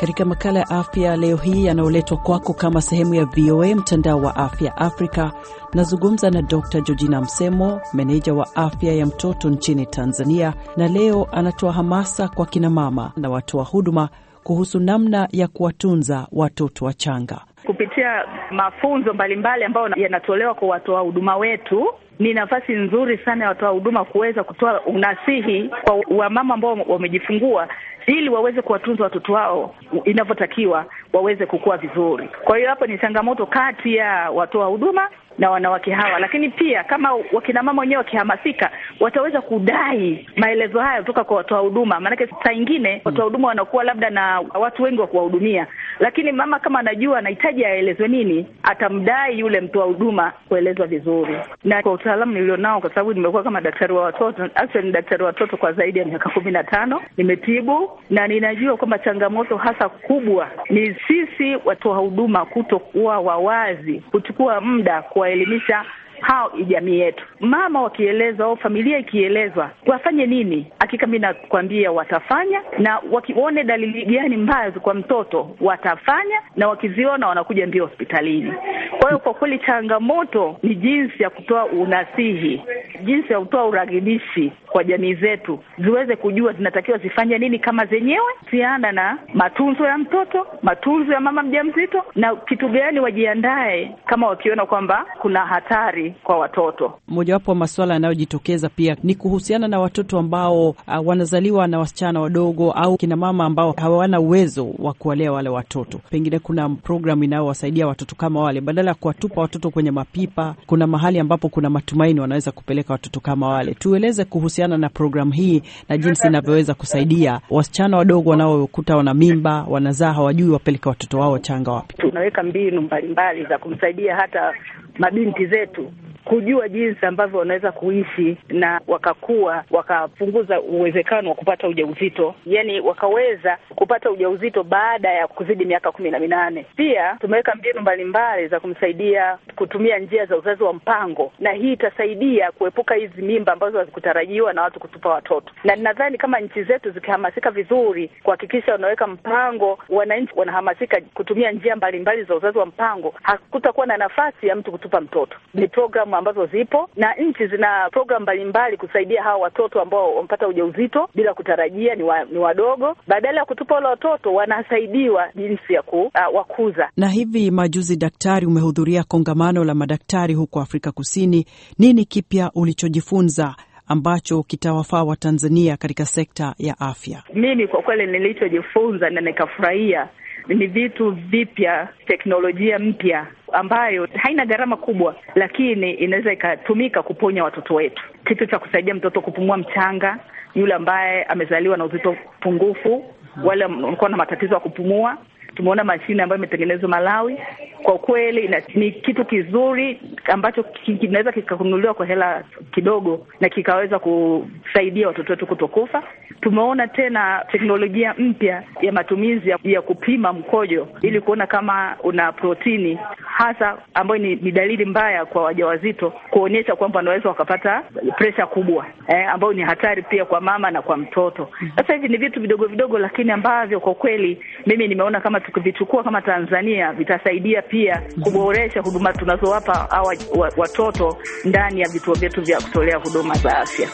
katika makala ya afya leo hii yanayoletwa kwako kama sehemu ya VOA mtandao wa afya Afrika. Nazungumza na Dr Georgina Msemo, meneja wa afya ya mtoto nchini Tanzania, na leo anatoa hamasa kwa kinamama na watoa wa huduma kuhusu namna ya kuwatunza watoto wachanga kupitia mafunzo mbalimbali ambayo yanatolewa kwa watoa huduma wetu. Ni nafasi nzuri sana ya watoa huduma kuweza kutoa unasihi kwa wamama ambao wamejifungua ili waweze kuwatunza watoto wao inavyotakiwa waweze kukua vizuri. Kwa hiyo hapo ni changamoto kati ya watoa huduma na wanawake hawa, lakini pia kama wakina mama wenyewe wakihamasika, wataweza kudai maelezo haya kutoka kwa watoa huduma, maanake saa ingine watoa huduma wanakuwa labda na watu wengi wa kuwahudumia, lakini mama kama anajua anahitaji aelezwe nini, atamdai yule mtoa huduma kuelezwa vizuri. Na kwa utaalamu nilionao, kwa sababu nimekuwa kama daktari wa watoto, actually ni daktari wa watoto kwa zaidi ya miaka kumi na tano, nimetibu na ninajua kwamba changamoto hasa kubwa ni sisi watoa huduma kutokuwa wawazi, kuchukua muda kuwaelimisha hao jamii yetu, mama wakielezwa au familia ikielezwa wafanye nini, hakika mi nakwambia watafanya, na wakione dalili gani mbaya kwa mtoto watafanya, na wakiziona wanakuja mbio hospitalini. Kwa hiyo kwa kweli changamoto ni jinsi ya kutoa unasihi, jinsi ya kutoa uraghbishi kwa jamii zetu ziweze kujua zinatakiwa zifanye nini kama zenyewe siana na matunzo ya mtoto, matunzo ya mama mjamzito, na kitu gani wajiandae kama wakiona kwamba kuna hatari kwa watoto. Mojawapo wa masuala yanayojitokeza pia ni kuhusiana na watoto ambao uh, wanazaliwa na wasichana wadogo au kina mama ambao hawana uwezo wa kuwalea wale watoto. Pengine kuna programu inayowasaidia watoto kama wale badala la kuwatupa watoto kwenye mapipa, kuna mahali ambapo kuna matumaini wanaweza kupeleka watoto kama wale. Tueleze kuhusiana na programu hii na jinsi inavyoweza kusaidia wasichana wadogo wanaokuta wana mimba, wanazaa, hawajui wapeleke watoto wao wachanga wapi. Tunaweka mbinu mbalimbali za kumsaidia hata mabinti zetu kujua jinsi ambavyo wanaweza kuishi na wakakua, wakapunguza uwezekano wa kupata ujauzito, yani wakaweza kupata ujauzito baada ya kuzidi miaka kumi na minane. Pia tumeweka mbinu mbalimbali za kumsaidia kutumia njia za uzazi wa mpango, na hii itasaidia kuepuka hizi mimba ambazo hazikutarajiwa na watu kutupa watoto, na ninadhani kama nchi zetu zikihamasika vizuri kuhakikisha wanaweka mpango, wananchi wanahamasika kutumia njia mbalimbali mbali za uzazi wa mpango, hakutakuwa na nafasi ya mtu kutupa mtoto. Ni program programu ambazo zipo na nchi zina programu mbalimbali kusaidia hawa watoto ambao wamepata ujauzito bila kutarajia, ni, wa, ni wadogo. Badala ya kutupa wale watoto, wanasaidiwa jinsi ya kuwakuza. Uh, na hivi majuzi, daktari, umehudhuria kongamano la madaktari huko Afrika Kusini. Nini kipya ulichojifunza ambacho kitawafaa Watanzania katika sekta ya afya? Mimi kwa kweli nilichojifunza na nikafurahia ni vitu vipya, teknolojia mpya ambayo haina gharama kubwa, lakini inaweza ikatumika kuponya watoto wetu, kitu cha kusaidia mtoto kupumua mchanga, yule ambaye amezaliwa na uzito pungufu, wale wanakuwa na matatizo ya kupumua Tumeona mashine ambayo imetengenezwa Malawi, kwa kweli na, ni kitu kizuri ambacho kinaweza kikanunuliwa kwa hela kidogo na kikaweza kusaidia watoto wetu kutokufa. Tumeona tena teknolojia mpya ya matumizi ya, ya kupima mkojo ili kuona kama una protini hasa ambayo ni, ni dalili mbaya kwa wajawazito kuonyesha kwamba wanaweza wakapata presha kubwa eh, ambayo ni hatari pia kwa mama na kwa mtoto. Sasa hivi ni vitu vidogo vidogo, lakini ambavyo kwa kweli mimi nimeona kama tukivichukua kama Tanzania vitasaidia pia kuboresha huduma tunazowapa hawa watoto ndani ya vituo vyetu vya kutolea huduma za afya.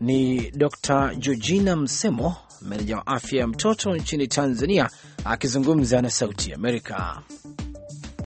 Ni Dr. Georgina Msemo, meneja wa afya ya mtoto nchini Tanzania, akizungumza na Sauti Amerika.